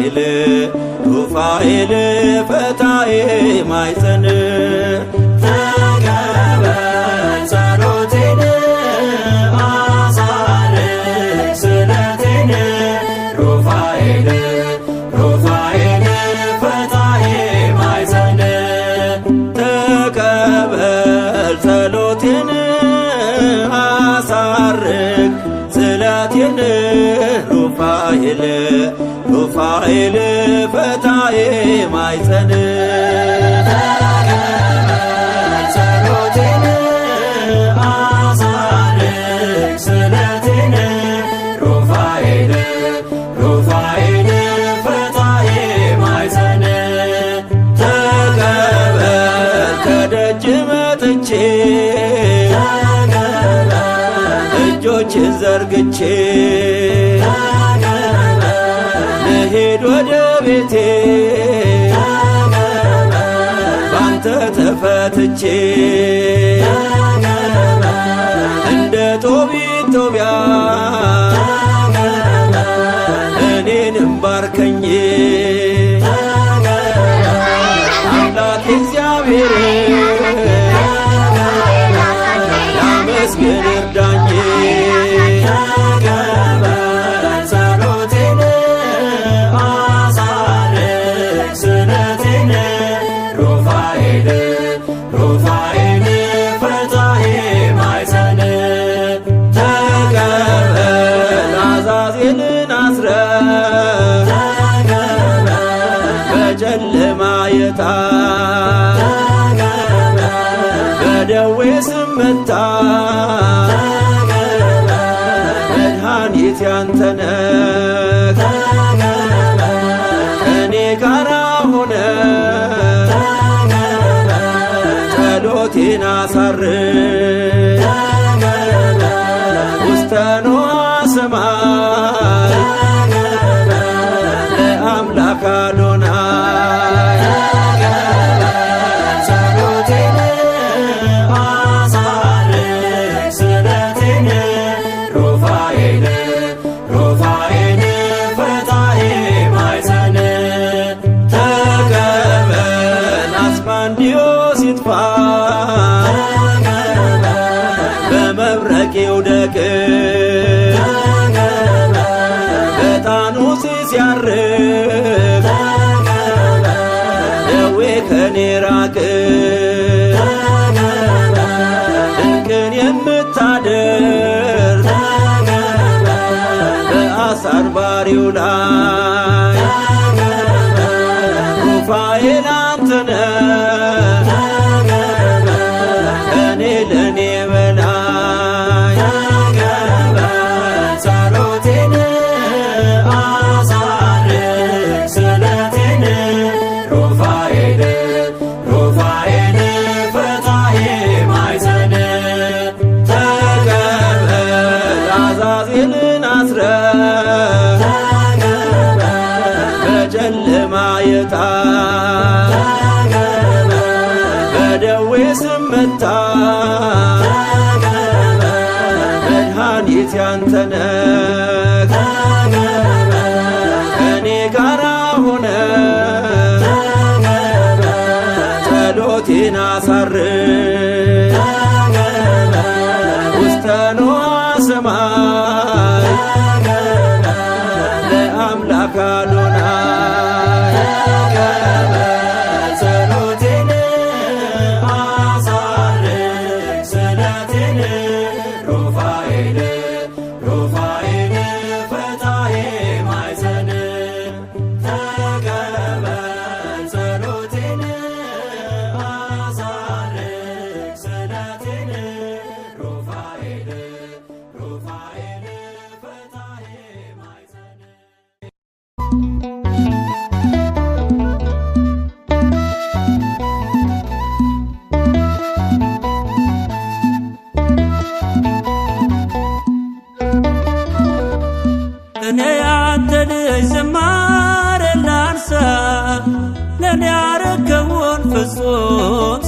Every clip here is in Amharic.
ሩፋኤል ሩፋኤል ፈታዬ ማይፀን ልሄድ ወደ ቤቴ ባንተ ተፈትቼ እንደ ጦቢት ጦቢያ እኔንም ባርከኜ በደዌ ስመታ መድኃኒት ያንተነ ከእኔ ጋራ ሆነ ጸሎቴን አሳር ውስተ ኖኅ ሰማይ ይውደቅ በጣኑስ ሲያርፍ ደዌ ከኔ ራቅ ድንቅን ላይ ጨለማ የታች በደዌ ስመታ መድኃኒት ያንተነ ከእኔ ሆነ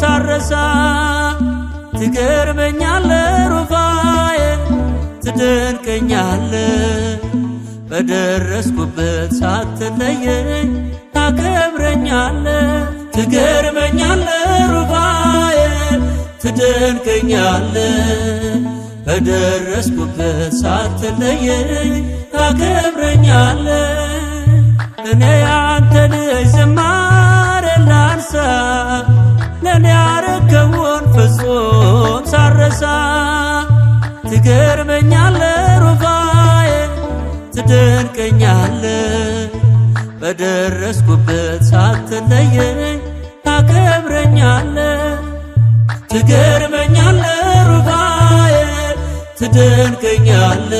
ሳረሳ ትገርመኛለ ሩፋዬ ትደንቀኛለ በደረስኩበት ሳትለየኝ ታከብረኛለ ትገርመኛለ ሩፋዬ ትደንቀኛለ በደረስኩበት ሳትለየኝ ታከብረኛለ እኔ በደረስኩበት ሳትለየኝ ታከብረኛለ ትገርመኛለ ሩባዬ ትደንቀኛለ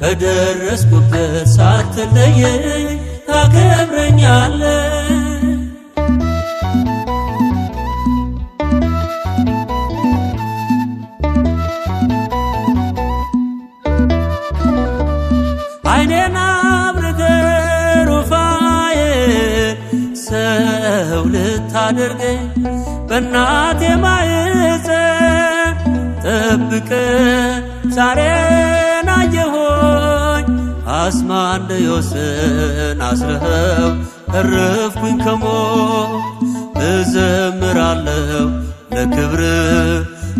በደረስኩበት ሳትለየኝ ታከብረኛለ ሰው ልታደርገኝ በእናቴ ማህፀን ጠብቀ ዛሬን አየሆኝ አስማ እንደ ዮስን አስረኸው እረፍኩኝ ከሞት እዘምራለሁ ለክብር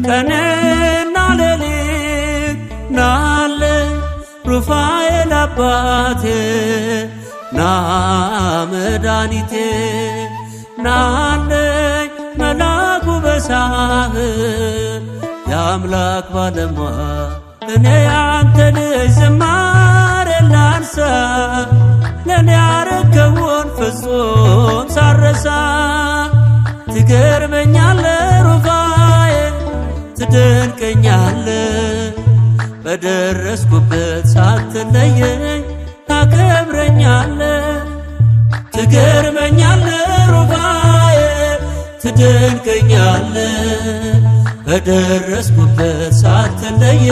ቀንና ሌሊት ናለ ሩፋኤል አባቴ ና መድኃኒቴ ናለኝ መላኩ በሳህር የአምላክ ባለሟ እኔ አንተ ልጅ ላንሳ ለእኔ ያረከውን ፍጹም ሳረሳ ትገርመኛለ ሩፋዬ ትደንቀኛለ በደረስኩበት ሳትለየኝ ታከብረኛለ ትገርመኛለ ሩፋ ትደንቀኛለ በደረስኩበት ሳትለየ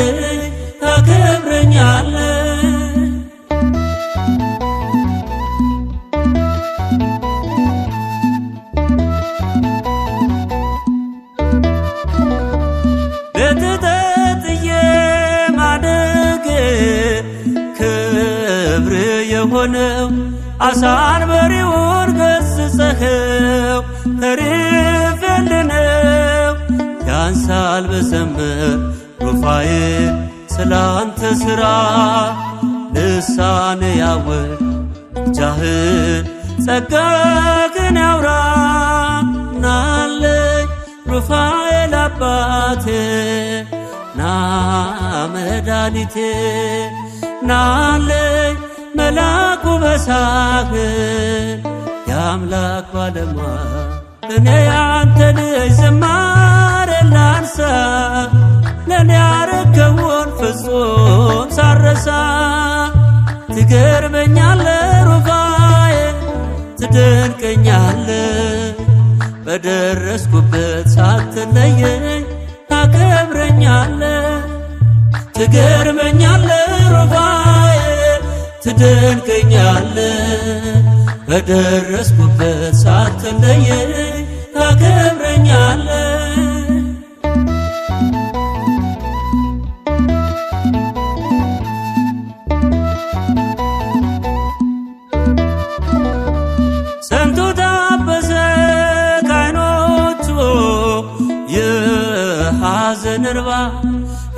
ታከብረኛለ ለተጠጥየ ማደግ የሆነው አሳን በሬው ይፈታል ብዘምር ጉፋዬ ስላንተ ስራ ልሳን ያወቅ እጃህን ጸጋ ግን ያውራ ናለኝ ሩፋኤል አባቴ ና መድኃኒቴ ናለኝ መላኩ በሳህን የአምላክ ባለሟ እኔ ያንተ ልጅ አንሳ ለኔ ያረከውን ፍጹም ሳረሳ ትገርመኛለ ሩፋዬ ትደንቀኛለ በደረስኩበት ሳትለየኝ ታከብረኛለ ትገርመኛለ ሩፋዬ ትደንቀኛለ በደረስኩበት ሳትለየኝ ታከብረኛለ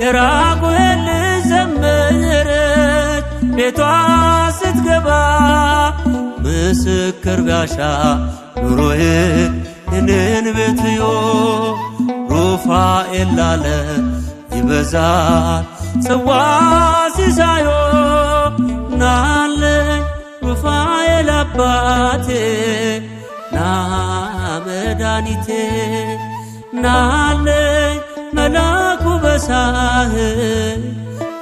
የራቁህን ልዘምር ቤቷ ስትገባ ምስክር ጋሻ ኑሮዬ እንን ቤትዮ ሩፋኤል ላለ ይበዛል ጽዋ ሲሳዮ ናለ ሩፋኤል አባቴ ና መድኃኒቴ ናለኝ መላኩ በሳህ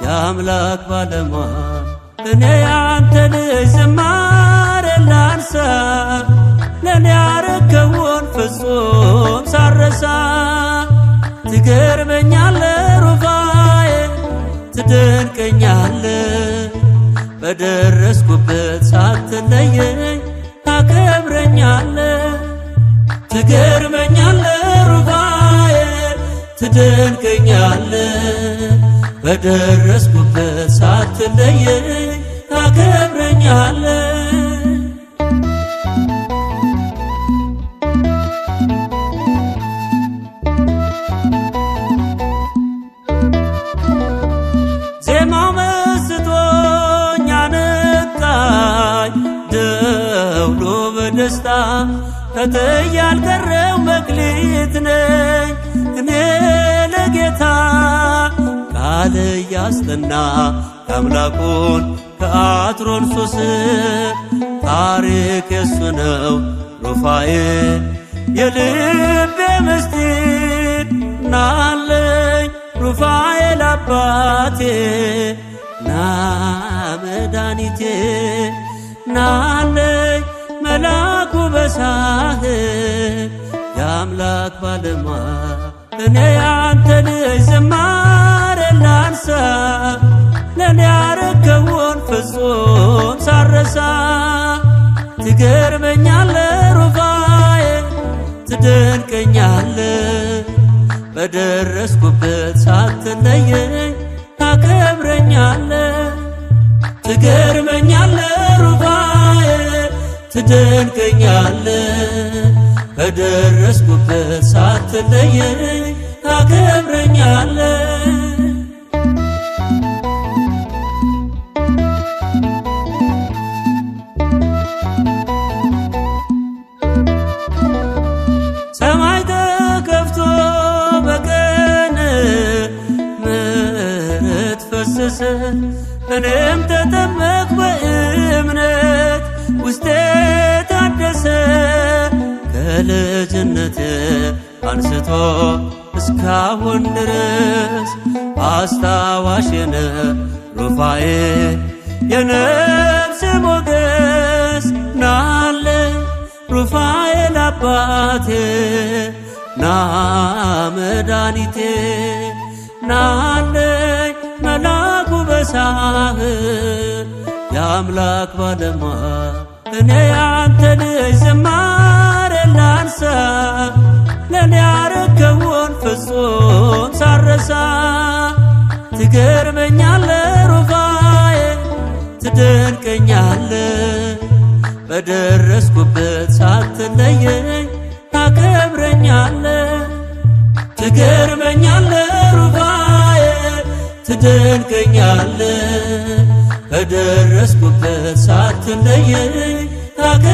የአምላክ ባለሟል እኔ አንተ ልጅ ዝማሬ ላንሳ ለእኔ አረከውን ፍጹም ሳረሳ ትገርመኛለ ሩፋዬ ትደንቀኛለ በደረስኩበት ሳትለየኝ ታከብረኛለ ትገርመኛለ ሩፋ ትደንቀኛለ በደረስኩበት ሳትለየኝ ታከብረኛለ ደስታ ፈተህ ያልቀረው መክሊት ነኝ እኔ ለጌታ ቃል እያስጠና ከአምላኩን ከአትሮንሱስ ታሪክ የሱ ነው ሩፋኤ የልቤ ምስጢር ናለኝ ሩፋዬ ለአባቴ ና መድኃኒቴ ና ረሳህ የአምላክ ባለማ እኔ አንተን ዝማሬ ላንሳ ለእኔ ያረከውን ፍጹም ሳረሳ ትገርመኛለ ሩፋዬ ትደንቀኛለ በደረስኩበት ሳትለየኝ ታከብረኛለ ትገርመኛለ ትደንቀኛለ ከደረስኩበት ሳትለየኝ ታከብረኛለ አንስቶ እስካሁን ድረስ አስታዋሽ የነ ሩፋኤ የነፍስ ሞገስ ናለ ሩፋኤል አባቴ ና መድኃኒቴ ናለኝ መላኩ በሳህ የአምላክ ባለማ እኔ አንተን ዝማሬ ላንሳ ያደረከውን ፍጹም ሳረሳ ትገርመኛለ ሩፋዬ ትደንቀኛለ በደረስኩበት ሳትለየኝ ታከብረኛለ ትገርመኛለ ሩፋዬ ትደንቀኛለ በደረስኩበት ሳትለየኝ ታከ